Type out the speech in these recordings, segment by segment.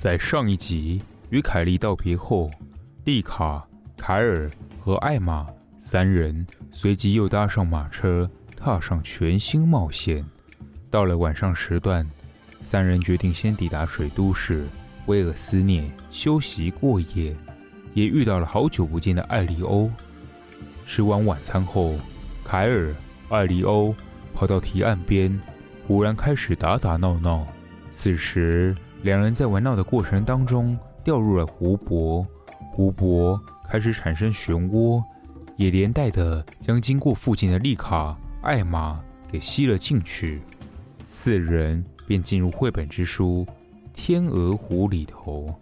在上一集與凱莉道別後，麗卡、凱爾和艾瑪三人隨即又搭上馬車，踏上全新冒險。到了晚上時段，三人決定先抵達水都市威爾斯涅，休息過夜，也遇到了好久不見的艾利歐。吃完晚餐後，凱爾、艾利歐跑到堤岸邊，忽然開始打打鬧鬧。此時。兩人在玩鬧的過程當中掉入了湖泊，湖泊開始產生漩渦，也連帶的將經過附近的麗卡、艾瑪給吸了進去。四人便進入繪本之書《天鵝湖》裡頭。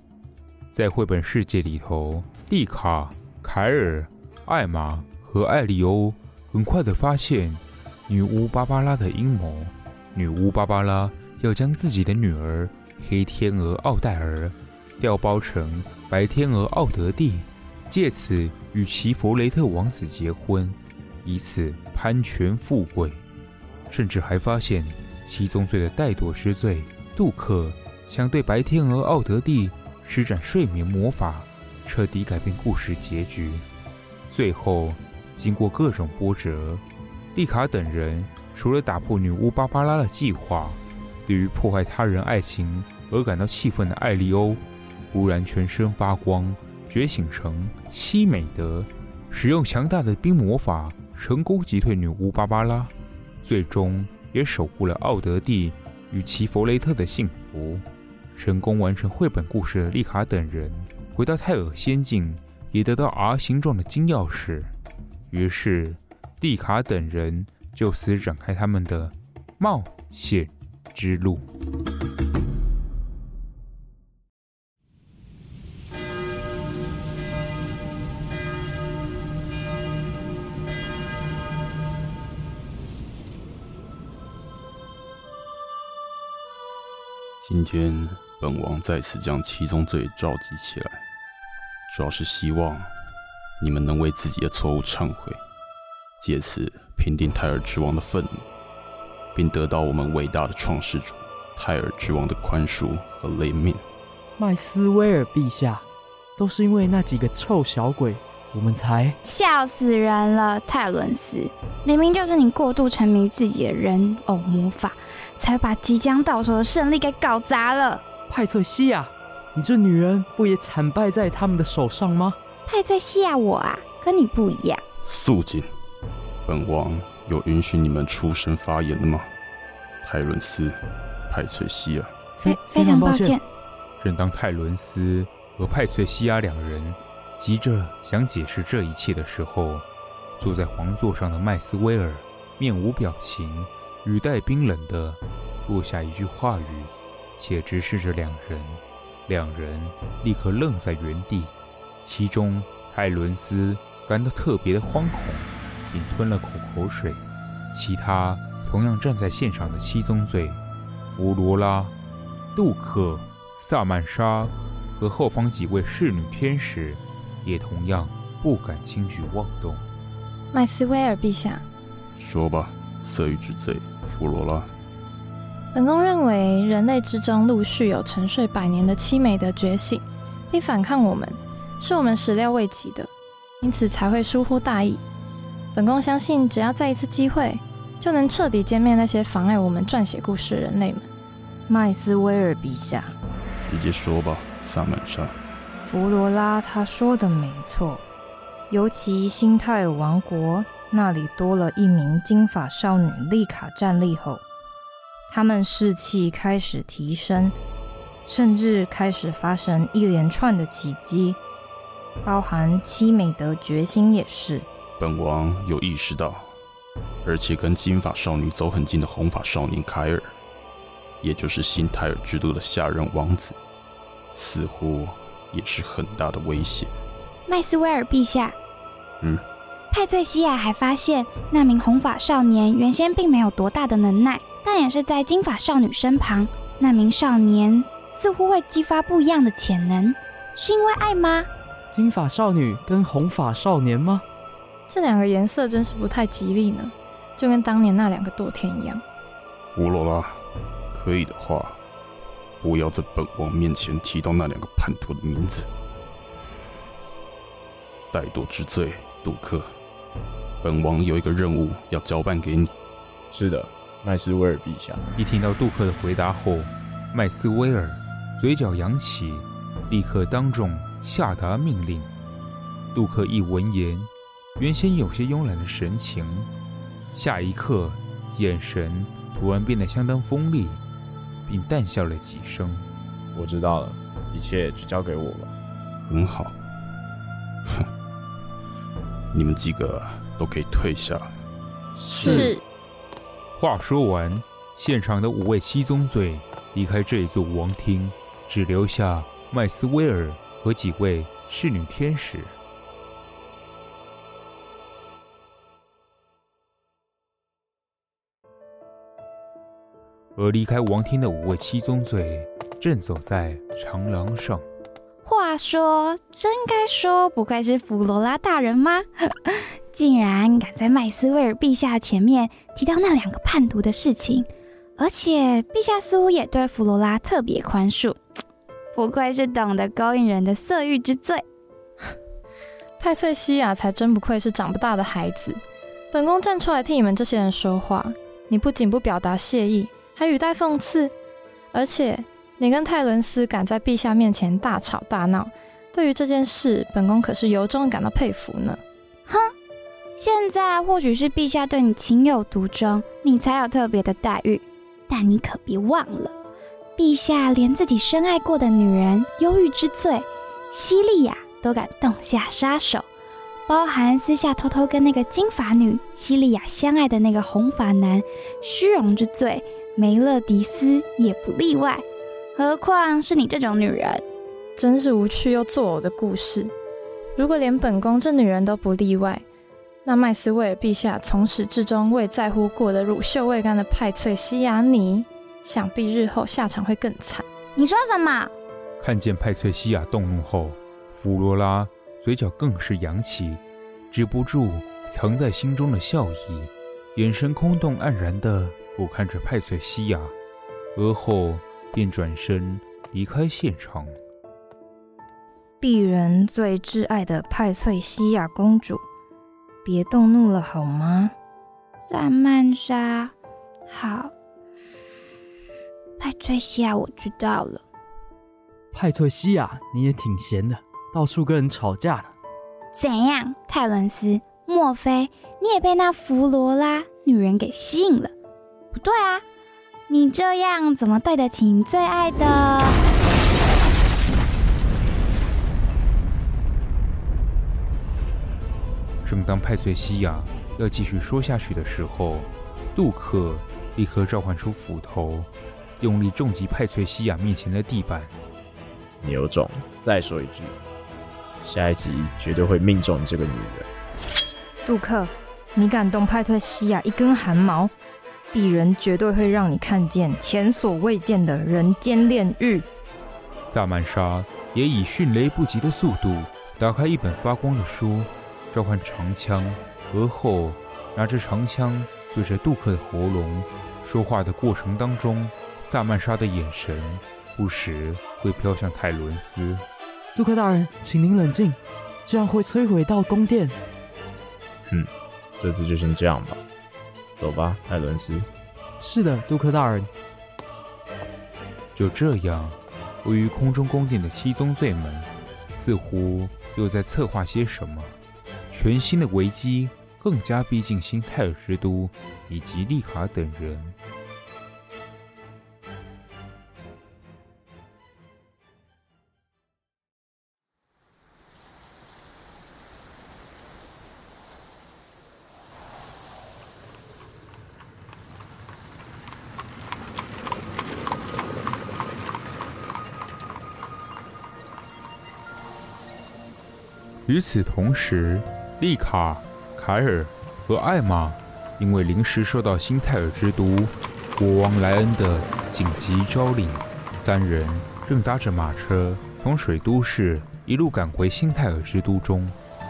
在繪本世界裡頭，麗卡、凱爾、艾瑪和艾利歐很快的發現女巫芭芭拉的陰謀。女巫芭芭拉要將自己的女兒。黑天鵝奧黛爾調包成白天鵝奧德蒂，借此與其弗雷特王子結婚，以此攀權富貴。甚至還發現七宗罪的怠惰之罪，杜克想對白天鵝奧德蒂施展睡眠魔法，徹底改變故事結局。最後，經過各種波折，麗卡等人除了打破女巫芭芭拉的計劃。對於破壞他人愛情而感到氣憤的艾利歐，忽然全身發光，覺醒成七美德，使用強大的冰魔法，成功擊退女巫芭芭拉，最終也守護了奧德蒂與齊弗雷特的幸福，成功完成繪本故事的麗卡等人回到泰爾仙境，也得到 R 形狀的金鑰匙。於是，麗卡等人就此展開他們的冒險。之路。今天，本王再次將七宗罪召集起來，主要是希望你們能為自己的錯誤懺悔，借此平定泰爾之王的憤怒。並得到我們偉大的創世主泰爾之王的寬恕和憐憫。麥斯威爾陛下，都是因為那幾個臭小鬼，我們才笑死人了。泰倫斯，明明就是你過度沉迷於自己的人偶、哦、魔法，才把即將到手的勝利給搞砸了。派翠西亞，你這女人不也慘敗在他們的手上嗎？派翠西亞，我啊，跟你不一樣。肅靜，本王有允許你們出聲發言的嗎？泰倫斯，派翠西亞，非非常抱歉。正當泰倫斯和派翠西亞兩人急着想解釋這一切的時候，坐在皇座上的麥斯威爾面無表情，語帶冰冷的落下一句話語，且直視着兩人。兩人立刻愣在原地，其中泰倫斯感到特別的惶恐，並吞了口口水，其他同樣站在現場的七宗罪、弗羅拉、杜克、薩曼莎和後方幾位侍女天使，也同樣不敢輕舉妄動。麥斯威爾陛下。說吧，色欲之罪，弗羅拉。本宮認為，人類之中陸續有沉睡百年的淒美的覺醒，並反抗我們，是我們始料未及的，因此才會疏忽大意。本宮相信，只要再一次機會，就能徹底殲滅那些妨礙我們撰寫故事的人類們，麥斯威爾陛下。直接說吧，薩曼莎。弗羅拉，她說的沒錯，尤其新泰爾王國那裡多了一名金髮少女麗卡站立後，他們士氣開始提升，甚至開始發生一連串的奇蹟，包含七美德決心也是。本王有意識到，而且跟金髮少女走很近的紅髮少年凱爾，也就是新泰爾之都的下任王子，似乎也是很大的危險。麥斯威爾陛下，嗯，派翠西亞還發現，那名紅髮少年原先並沒有多大的能耐，但也是在金髮少女身旁，那名少年似乎會激發不一樣的潛能，是因為愛嗎？金髮少女跟紅髮少年嗎？這兩個顏色真是不太吉利呢，就跟當年那兩個墮天一樣。胡羅拉，可以的話，不要在本王面前提到那兩個叛徒的名字。怠惰之罪，杜克，本王有一個任務要交辦給你。是的，麥斯威爾陛下。一聽到杜克的回答後，麥斯威爾嘴角揚起，立刻當眾下達命令。杜克一聞言。原先有些慵懶的神情，下一刻眼神突然變得相當鋒利，並淡笑了幾聲：“我知道了，一切就交給我吧。”“很好。”“哼，你們幾個都可以退下。”“是。是”話說完，現場的五位七宗罪離開這一座王廳，只留下麥斯威爾和幾位侍女天使。而離開王廳的五位七宗罪正走在長廊上。話說，真該說，不愧是弗羅拉大人嗎？ 竟然敢在麥斯威爾陛下前面提到那兩個叛徒的事情，而且陛下似乎也對弗羅拉特別寬恕。不愧是懂得勾引人的色慾之罪。 派翠西亞才真不愧是長不大的孩子，本宮站出來替你們這些人說話，你不僅不表達謝意。還語帶諷刺，而且你跟泰倫斯敢在陛下面前大吵大鬧，對於這件事，本宮可是由衷感到佩服呢。哼，現在或許是陛下對你情有獨鍾，你才有特別的待遇，但你可別忘了，陛下連自己深愛過的女人憂鬱之罪西利亞都敢動下殺手，包含私下偷偷跟那個金髮女西利亞相愛的那個紅髮男虛榮之罪。梅勒迪斯也不例外，何況是你這種女人，真是無趣又作嘔的故事。如果連本宮這女人都不例外，那麥斯威爾陛下從始至終未在乎過的乳臭未乾的派翠西亞尼，你想必日後下場會更慘。你說什麼？看見派翠西亞動怒後，弗羅拉嘴角更是揚起，止不住藏在心中的笑意，眼神空洞黯然的。我看着派翠西亞，而後便轉身離開現場。鄙人最摯愛的派翠西亞公主，別動怒了好嗎？薩曼莎，好。派翠西亞，我知道了。派翠西亞，你也挺閒的，到處跟人吵架呢。怎樣，泰倫斯？莫非你也被那弗羅拉女人給吸引了？不對啊！你這樣怎麼對得起你最愛的？正當派翠西亞要繼續說下去的時候，杜克立刻召喚出斧頭，用力重擊派翠西亞面前的地板。你有種，再說一句，下一擊絕對會命中這個女人。杜克，你敢動派翠西亞一根汗毛？鄙人絕對會讓你看見前所未見的人間煉獄。薩曼莎也以迅雷不及的速度打開一本發光的書，召喚長槍，而後拿着長槍對着杜克的喉嚨。說話的過程當中，薩曼莎的眼神不時會飄向泰倫斯。杜克大人，請您冷靜，這樣會摧毀到宮殿。嗯，這次就先這樣吧。走吧，艾倫斯。是的，杜克大人。就這樣，位於空中宮殿的七宗罪門，似乎又在策劃些什麼。全新的危機更加逼近新泰爾之都，以及麗卡等人。與此同時，麗卡、凱爾和艾瑪因為臨時受到新泰爾之都國王萊恩的緊急召令，三人正搭着馬車從水都市一路趕回新泰爾之都中。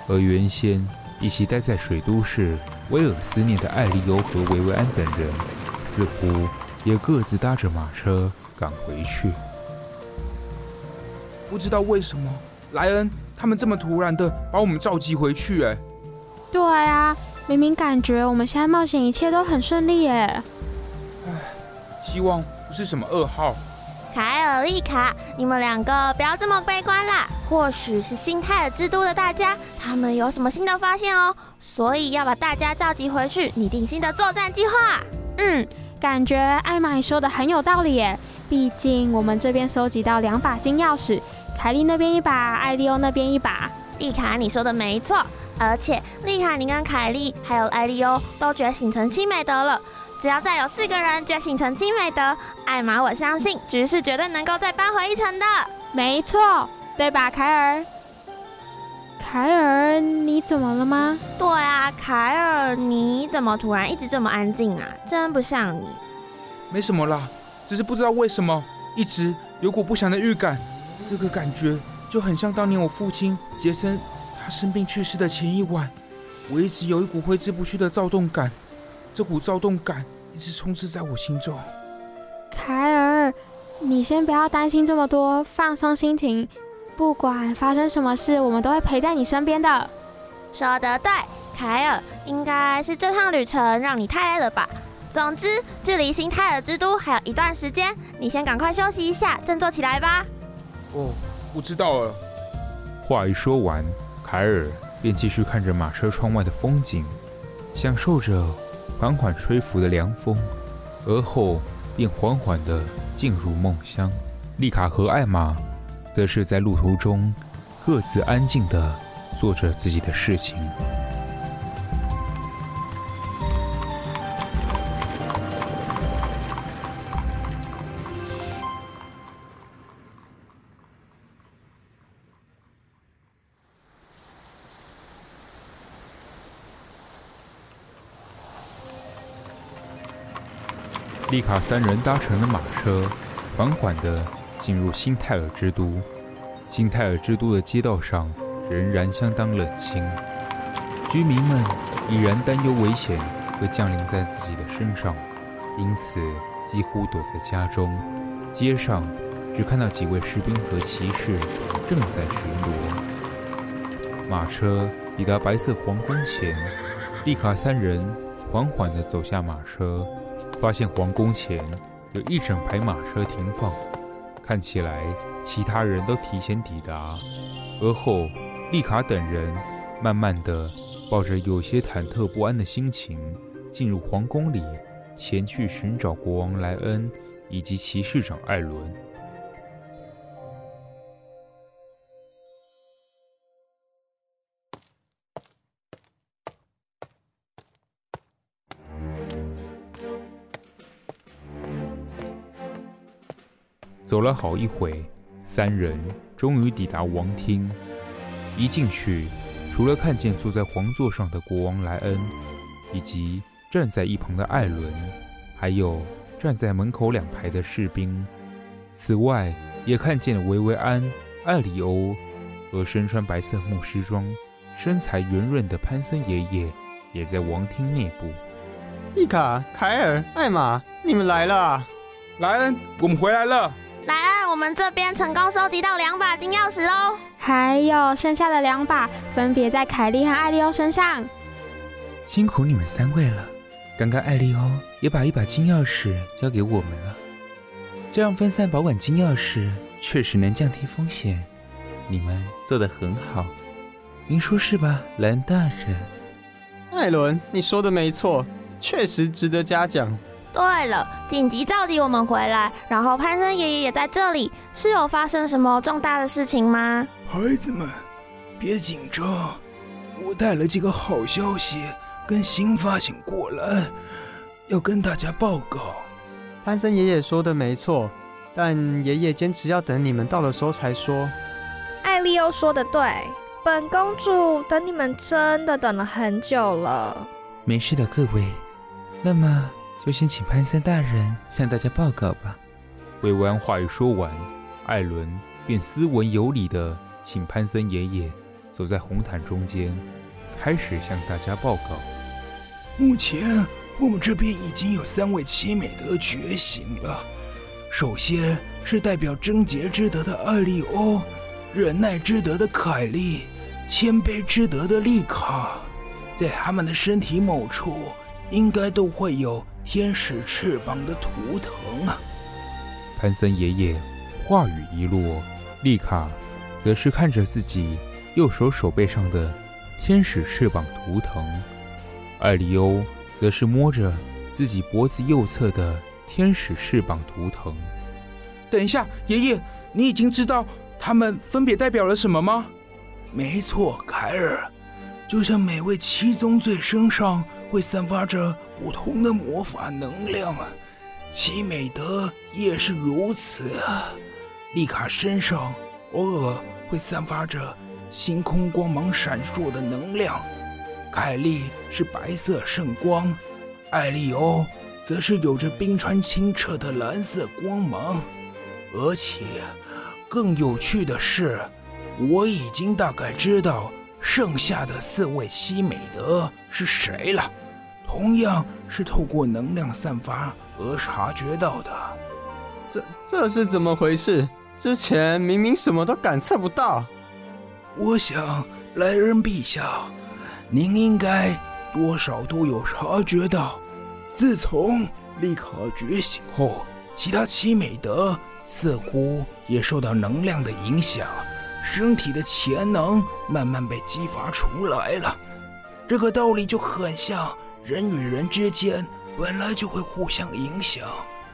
而原先一起待在水都市、威爾斯涅的艾利歐和維維安等人，似乎也各自搭着馬車趕回去。不知道為什麼，萊恩，他們這麼突然的把我們召集回去，哎，對啊，明明感覺我們現在冒險一切都很順利，欸，哎、嗯，希望不是什麼噩耗，嗯。凱爾麗卡，你們兩個不要這麼悲觀啦，或許是新泰爾之都的大家，他們有什麼新的發現哦、喔，所以要把大家召集回去，擬定新的作戰計劃。嗯，感覺艾瑪你說的很有道理，欸，哎，畢竟我們這邊收集到兩把金鑰匙。凱莉那邊一把，艾利歐那邊一把，麗卡，你說的沒錯，而且麗卡你跟凱莉還有艾利歐都覺醒成七美德了，只要再有四個人覺醒成七美德，艾瑪，我相信局勢絕對能夠再扳回一城的。沒錯，對吧，凱爾？凱爾，你怎麼了嗎？對啊，凱爾，你怎麼突然一直這麼安靜啊？真不像你。沒什麼啦，只是不知道為什麼一直有股不祥的預感。這個感覺就很像當年我父親傑森，他生病去世的前一晚，我一直有一股揮之不去的躁動感，這股躁動感一直充斥在我心中。凱爾，你先不要擔心這麼多，放鬆心情。不管發生什麼事，我們都會陪在你身邊的。說得對，凱爾，應該是這趟旅程讓你太累了吧？總之，距離新泰爾之都還有一段時間，你先趕快休息一下，振作起來吧。哦，我知道了。話一說完，凱爾便繼續看着馬車窗外的風景，享受着緩緩吹拂的涼風，而後便緩緩地進入夢鄉。麗卡和艾瑪則是在路途中各自安靜地做着自己的事情。麗卡三人搭乘的馬車緩緩地進入新泰爾之都。新泰爾之都的街道上仍然相當冷清，居民們依然擔憂危險會降臨在自己的身上，因此幾乎躲在家中。街上只看到幾位士兵和騎士正在巡邏。馬車抵達白色皇宮前，麗卡三人緩緩地走下馬車。發現皇宮前有一整排馬車停放，看起來其他人都提前抵達。而後，麗卡等人慢慢的抱着有些忐忑不安的心情進入皇宮裡，前去尋找國王萊恩以及騎士長艾倫。走了好一會，三人終於抵達王廳。一進去，除了看見坐在皇座上的國王萊恩，以及站在一旁的艾倫，還有站在門口兩排的士兵。此外，也看見了維維安、艾里歐，和身穿白色牧師裝、身材圓潤的潘森爺爺也在王廳內部。麗卡、凱爾、艾瑪，你們來了！萊恩，我們回來了。我們這邊成功收集到兩把金鑰匙哦，還有剩下的兩把分別在凱莉和艾利歐身上。辛苦你們三位了，剛剛艾利歐也把一把金鑰匙交給我們了。這樣分散保管金鑰匙確實能降低風險，你們做得很好。您說是吧，萊恩大人？艾倫，你說得沒錯，確實值得嘉獎。對了，緊急召集我們回來，然後潘森爺爺也在這裡，是有發生什麼重大的事情嗎？孩子們，別緊張，我帶了幾個好消息跟新發現過來，要跟大家報告。潘森爺爺說的沒錯，但爺爺堅持要等你們到了時候才說。艾利歐說的對，本公主等你們真的等了很久了。沒事的，各位。那麼。就先請潘森大人向大家報告吧。韋完話語說完，艾倫便斯文有禮的請潘森爺爺走在紅毯中間，開始向大家報告。目前我們這邊已經有三位七美德覺醒了，首先是代表貞潔之德的艾利歐，忍耐之德的凱莉，謙卑之德的麗卡，在他們的身體某處，應該都會有天使翅膀的圖騰啊！潘森爺爺話語一落，麗卡則是看着自己右手手背上的天使翅膀圖騰，艾利歐則是摸着自己脖子右側的天使翅膀圖騰。等一下，爺爺，你已經知道他們分別代表了什麼嗎？沒錯，凱爾，就像每位七宗罪身上。會散發着不同的魔法能量，其美德也是如此啊！麗卡身上偶爾會散發着星空光芒閃爍的能量，凱莉是白色聖光，艾利歐則是有着冰川清澈的藍色光芒。而且，更有趣的是，我已經大概知道。剩下的四位七美德是誰了？同樣是透過能量散發而察覺到的，這這是怎麼回事？之前明明什麼都感測不到。我想，萊恩陛下，您應該多少都有察覺到，自從麗卡覺醒後，其他七美德似乎也受到能量的影響。身體的潛能慢慢被激發出來了，這個道理就很像人與人之間本來就會互相影響，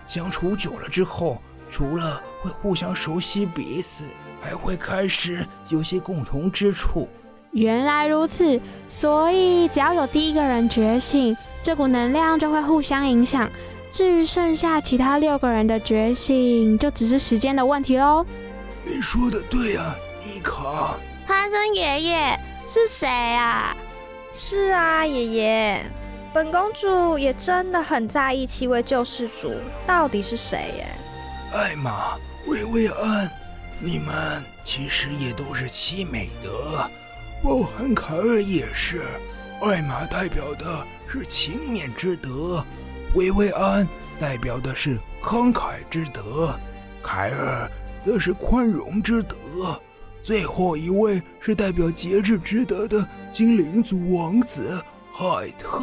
相處久了之後，除了會互相熟悉彼此，還會開始有些共同之處。原來如此，所以只要有第一個人覺醒，這股能量就會互相影響。至於剩下其他六個人的覺醒，就只是時間的問題嘍。你說的對呀、啊。伊卡，他森爺爺是誰啊？是啊，爺爺，本公主也真的很在意七位救世主到底是誰耶。艾瑪、薇薇安，你們其實也都是七美德。我、哦、很凱爾也是。艾瑪代表的是勤勉之德，薇薇安代表的是慷慨之德，凱爾則是寬容之德。最後一位是代表節制之德的精靈族王子海特，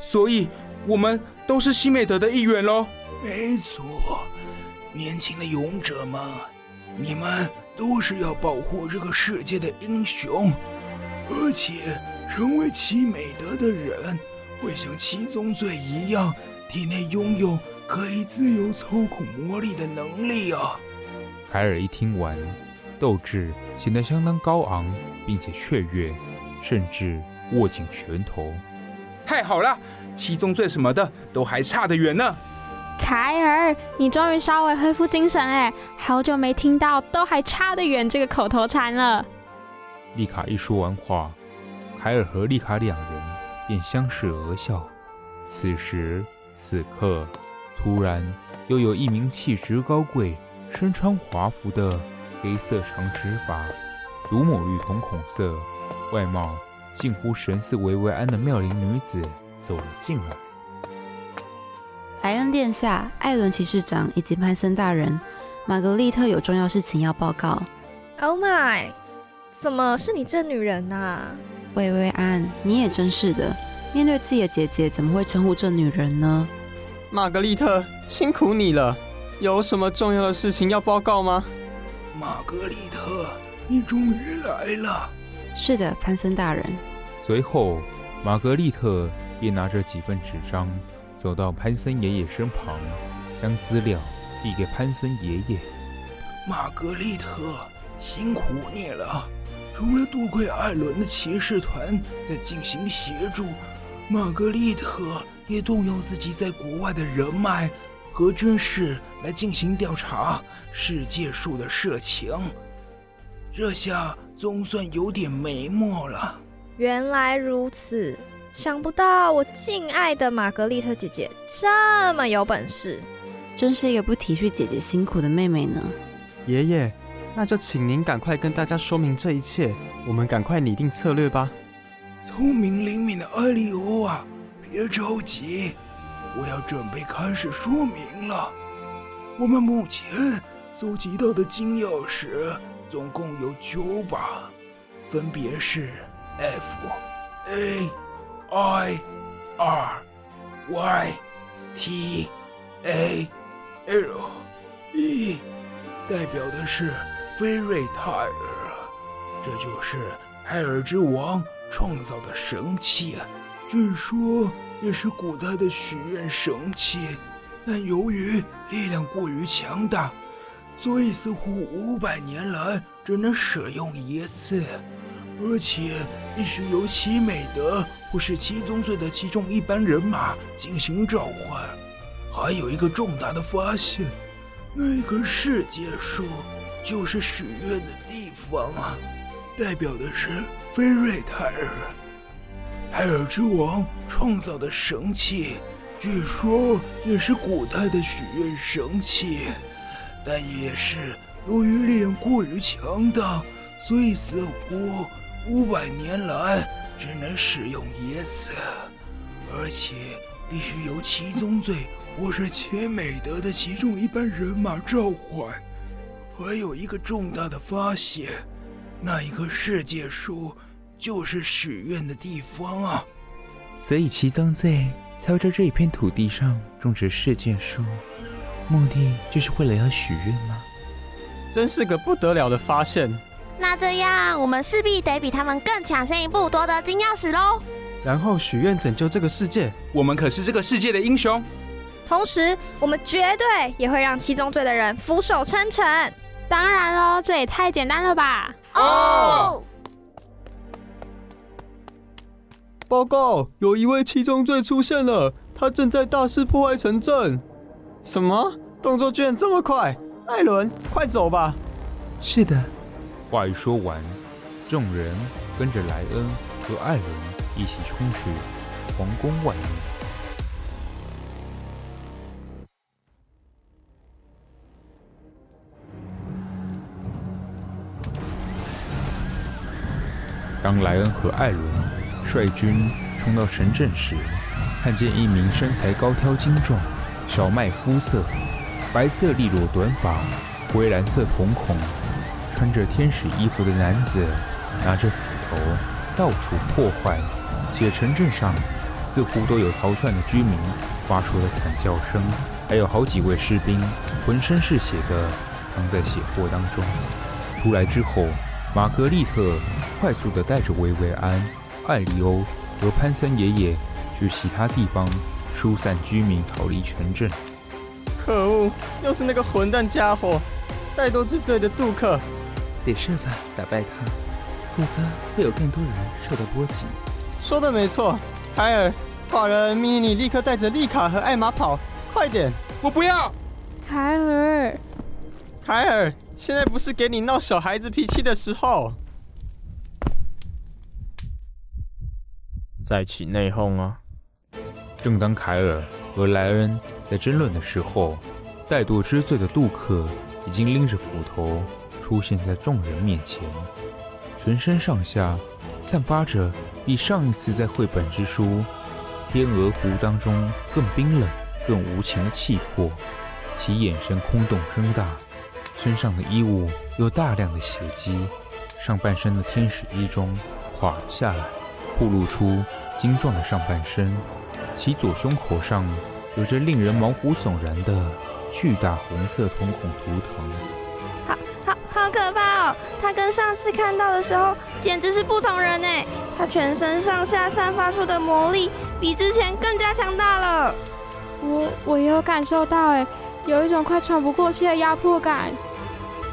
所以我們都是七美德的一員嘍。沒錯，年輕的勇者們，你們都是要保護這個世界的英雄，而且成為七美德的人會像七宗罪一樣，體內擁有可以自由操控魔力的能力啊。凱爾一聽完。鬥志顯得相當高昂，並且雀躍，甚至握緊拳頭。太好了，七宗罪什麼的都還差得遠呢。凱爾，你終於稍微恢復精神了。好久沒聽到“都還差得遠”這個口頭禪了。麗卡一說完話，凱爾和麗卡兩人便相視而笑。此時此刻，突然又有一名氣質高貴、身穿華服的。黑色長直髮，祖母綠瞳孔色，外貌近乎神似維維安的妙齡女子走了進來。萊恩殿下、艾倫騎士長以及潘森大人，瑪格麗特有重要事情要報告。Oh my！怎麼是你這女人吶，啊？薇薇安，你也真是的，面對自己的姐姐，怎麼會稱呼這女人呢？瑪格麗特，辛苦你了，有什麼重要的事情要報告嗎？瑪格麗特，你終於來了。是的，潘森大人。隨後，瑪格麗特便拿着幾份紙張，走到潘森爺爺身旁，將資料遞給潘森爺爺。瑪格麗特，辛苦你了。除了多虧艾倫的騎士團在進行協助，瑪格麗特也動用自己在國外的人脈。和軍事來進行調查世界樹的事情，這下總算有點眉目了。原來如此，想不到我敬愛的瑪格麗特姐姐這麼有本事，真是一個不體恤姐姐辛苦的妹妹呢。爺爺，那就請您趕快跟大家說明這一切，我們趕快擬定策略吧。聰明靈敏的埃里歐啊，別着急我要準備開始說明了。我們目前搜集到的金鑰匙總共有九把，分別是 F A I R Y T A L E，代表的是菲瑞泰爾，這就是泰爾之王創造的神器，據說。也是古代的許願神器，但由於力量過於強大，所以似乎五百年來只能使用一次，而且必須由七美德或是七宗罪的其中一班人馬進行召喚。還有一個重大的發現，那棵世界樹就是許願的地方啊，代表的是菲瑞泰爾。海爾之王創造的神器，據說也是古代的許願神器，但也是由於力量過於強大，所以似乎五百年來只能使用一次，而且必須由七宗罪或是七美德的其中一班人馬召喚。還有一個重大的發現，那一棵世界樹。就是許願的地方啊，所以七宗罪才會在這一片土地上種植世界樹，目的就是為了要許願嗎？真是個不得了的發現！那這樣我們勢必得比他們更搶先一步，奪得金鑰匙嘍！然後許願拯救這個世界，我們可是這個世界的英雄。同時，我們絕對也會讓七宗罪的人俯首稱臣。當然嘍、哦，這也太簡單了吧！哦。Oh! 報告，有一位七宗罪出現了，他正在大肆破壞城鎮。什麼？動作居然這麼快？艾倫，快走吧！是的。話一說完，眾人跟着萊恩和艾倫一起衝去皇宮外面。當萊恩和艾倫。率軍衝到城鎮時，看見一名身材高挑、精壯、小麥膚色、白色利落短髮、灰藍色瞳孔、穿着天使衣服的男子，拿着斧頭到處破壞。且城鎮上似乎都有逃竄的居民发出了慘叫聲，還有好幾位士兵渾身是血的躺在血泊當中。出來之後，瑪格麗特快速的帶着薇薇安。艾利歐和潘森爺爺去其他地方疏散居民，逃離全鎮。可惡，又是那個混蛋家伙，怠惰之罪的杜克，得設法打敗他，否則會有更多人受到波及。說的沒錯，凱爾，寡人命令你立刻帶着麗卡和艾瑪跑，快點！我不要。凱爾，凱爾，現在不是給你鬧小孩子脾氣的時候。再起內訌啊！正當凱爾和萊恩在爭論的時候，怠惰之罪的杜克已經拎着斧頭出現在眾人面前，全身上下散發着比上一次在繪本之書天鵝湖當中更冰冷、更無情的氣魄，其眼神空洞睜大，身上的衣物有大量的血跡，上半身的天使衣中垮了下來。暴露出精壯的上半身，其左胸口上有着令人毛骨悚然的巨大紅色瞳孔圖騰。好好好可怕哦！他跟上次看到的時候簡直是不同人哎！他全身上下散發出的魔力比之前更加強大了。我我也有感受到哎，有一種快喘不過氣的壓迫感。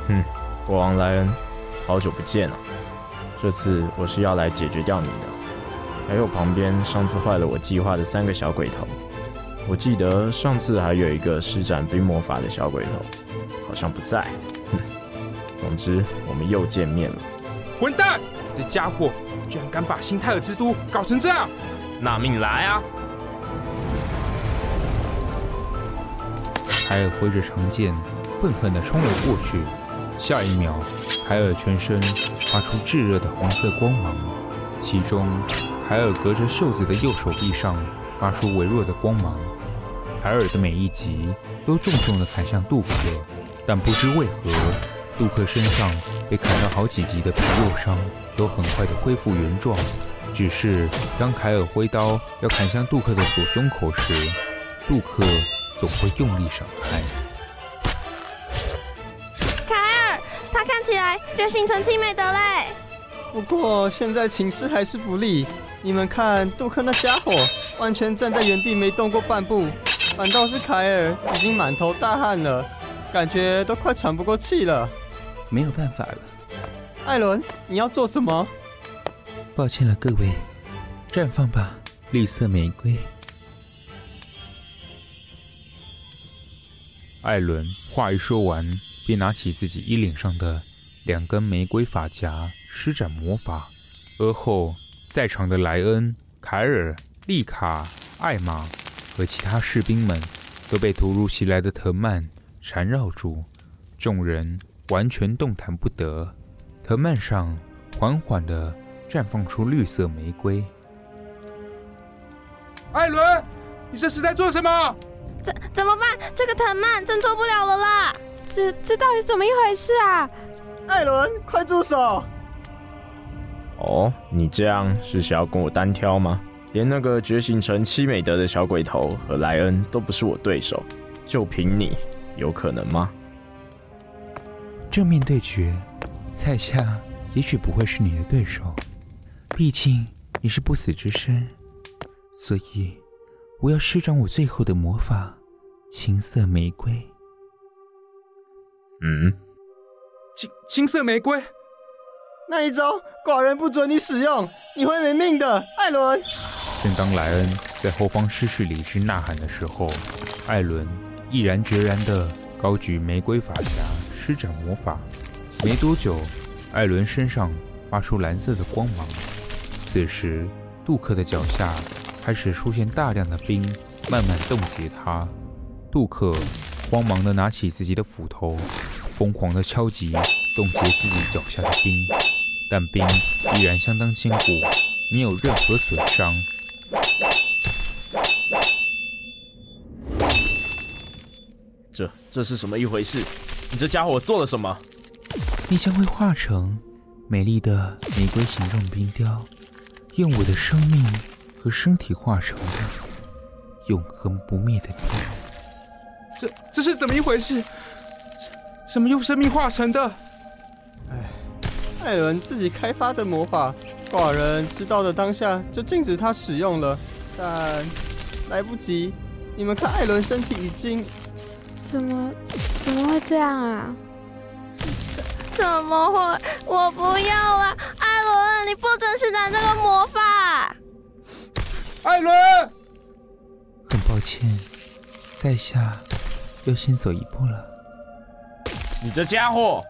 嗯，國王萊恩，好久不見了。這次我是要來解決掉你的。還有旁邊，上次壞了我計劃的三個小鬼頭，我記得上次還有一個施展冰魔法的小鬼頭，好像不在。哼，總之，我們又見面了。混蛋！這家伙居然敢把新泰爾之都搞成這樣，拿命來啊！海爾揮着長劍，憤憤地衝了過去。下一秒，海爾全身發出炙熱的黃色光芒，其中。凱爾隔着袖子的右手臂上發出微弱的光芒。凱爾的每一擊，都重重的砍向杜克，但不知為何，杜克身上被砍了好幾級的皮肉傷都很快的恢復原狀。只是當凱爾揮刀要砍向杜克的左胸口時，杜克總會用力閃開。凱爾，他看起來就心成親美的嘞。不過現在情勢還是不利。你們看，杜克那家伙完全站在原地沒動過半步，反倒是凱爾已經滿頭大汗了，感覺都快喘不過氣了。沒有辦法了，艾倫，你要做什麼？抱歉了各位，綻放吧，綠色玫瑰。艾倫話一說完，便拿起自己衣領上的兩根玫瑰髮夾，施展魔法，而後。在場的萊恩、凱爾、麗卡、艾瑪和其他士兵們都被突如其來的藤蔓纏繞住，眾人完全動彈不得。藤蔓上緩緩地綻放出綠色玫瑰。艾倫，你這是在做什麼？怎怎麼辦？這個藤蔓真做不了了啦！這這到底是怎麼一回事啊？艾倫，快住手！哦，你這樣是想要跟我單挑嗎？連那個覺醒成七美德的小鬼頭和萊恩都不是我對手，就憑你，有可能嗎？正面對決，在下也許不會是你的對手，畢竟你是不死之身，所以我要施展我最後的魔法——青色玫瑰。嗯，青、青色玫瑰。嗯，青青色玫瑰。那一招，寡人不准你使用，你會沒命的，艾倫！正當萊恩在後方失去理智吶喊的時候，艾倫毅然決然地高舉玫瑰髮夾施展魔法。沒多久，艾倫身上發出藍色的光芒。此時，杜克的腳下開始出現大量的冰，慢慢凍結他。杜克慌忙地拿起自己的斧頭，瘋狂地敲擊，凍結自己腳下的冰。但冰依然相當堅固，沒有任何損傷。這這是什麼一回事？你這家伙！我做了什麼？你將會化成美麗的玫瑰形狀冰雕，用我的生命和身體化成的永恆不滅的冰雕。這這是怎麼一回事？什麼用生命化成的？艾倫自己開發的魔法，寡人知道的當下就禁止他使用了，但來不及。你們看，艾倫身體已經……怎麼怎麼會這樣啊？怎麼會？我不要了，艾倫，你不准施展這個魔法！艾倫，很抱歉，在下要先走一步了。你這家伙，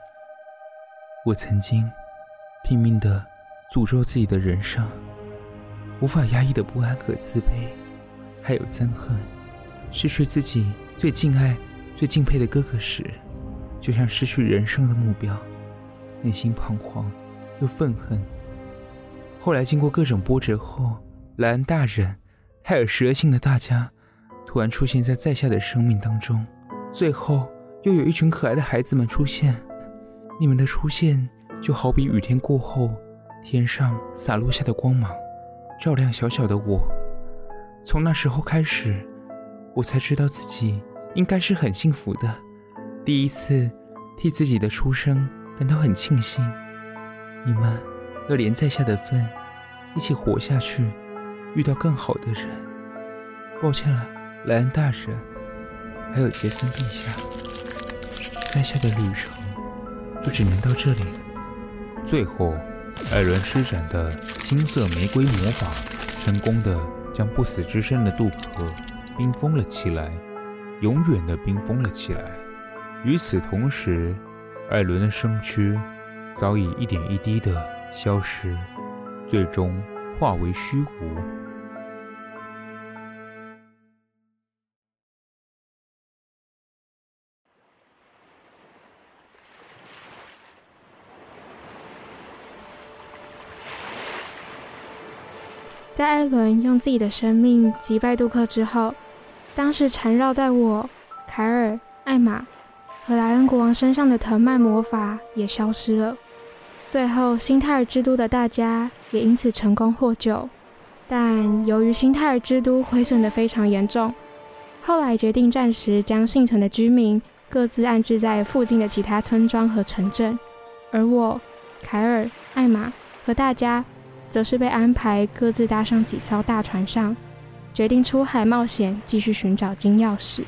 我曾經。拼命地詛咒自己的人生，無法壓抑的不安和自卑，還有憎恨，失去自己最敬愛、最敬佩的哥哥時，就像失去人生的目標，內心彷徨又憤恨。後來經過各種波折後，萊恩大人、還有蛇性的大家突然出現在在下的生命當中，最後又有一群可愛的孩子們出現，你們的出現。就好比雨天過後，天上灑落下的光芒，照亮小小的我。從那時候開始，我才知道自己應該是很幸福的。第一次替自己的出生感到很慶幸。你們要連在下的份，一起活下去，遇到更好的人。抱歉了，萊恩大人，還有傑森陛下，在下的旅程就只能到這裡了。最後，艾倫施展的青色玫瑰魔法，成功的將不死之身的渡河冰封了起來，永遠的冰封了起來。與此同時，艾倫的身軀早已一點一滴的消失，最終化為虛無。在艾倫用自己的生命擊敗杜克之後，當時纏繞在我、凱爾、艾瑪和萊恩國王身上的藤蔓魔法也消失了。最後，新泰爾之都的大家也因此成功獲救。但由於新泰爾之都毀損得非常嚴重，後來決定暫時將幸存的居民各自安置在附近的其他村莊和城鎮。而我、凱爾、艾瑪和大家，則是被安排各自搭上幾艘大船上，決定出海冒險，繼續尋找金鑰匙。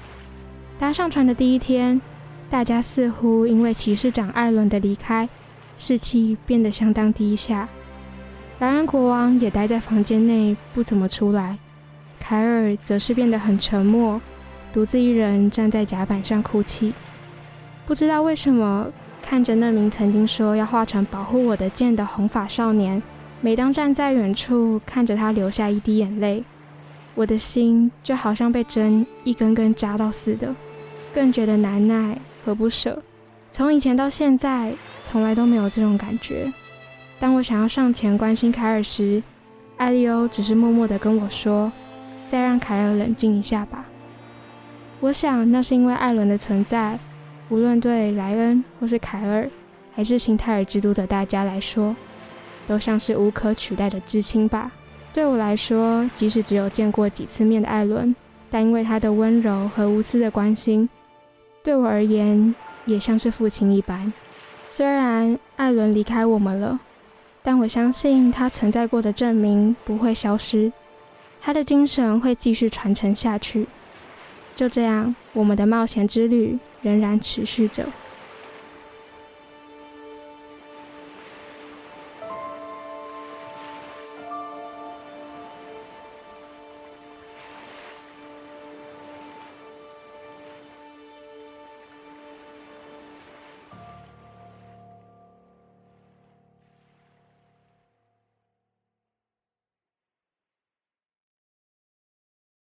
搭上船的第一天，大家似乎因為騎士長艾倫的離開，士氣變得相當低下。萊恩國王也待在房間內不怎麼出來，凱爾則是變得很沉默，獨自一人站在甲板上哭泣。不知道為什麼，看着那名曾經說要化成保護我的劍的紅髮少年。每當站在遠處看着他流下一滴眼淚，我的心就好像被針一根根扎到似的，更覺得難耐和不舍。從以前到現在，從來都沒有這種感覺。當我想要上前關心凱爾時，艾利歐只是默默地跟我說：“再讓凱爾冷靜一下吧。”我想那是因為艾倫的存在，無論對萊恩，或是凱爾，還是新泰爾之都的大家來說。都像是無可取代的至親吧。對我來說，即使只有見過幾次面的艾倫，但因為他的溫柔和無私的關心，對我而言也像是父親一般。雖然艾倫離開我們了，但我相信他存在過的證明不會消失，他的精神會繼續傳承下去。就這樣，我們的冒險之旅仍然持續着。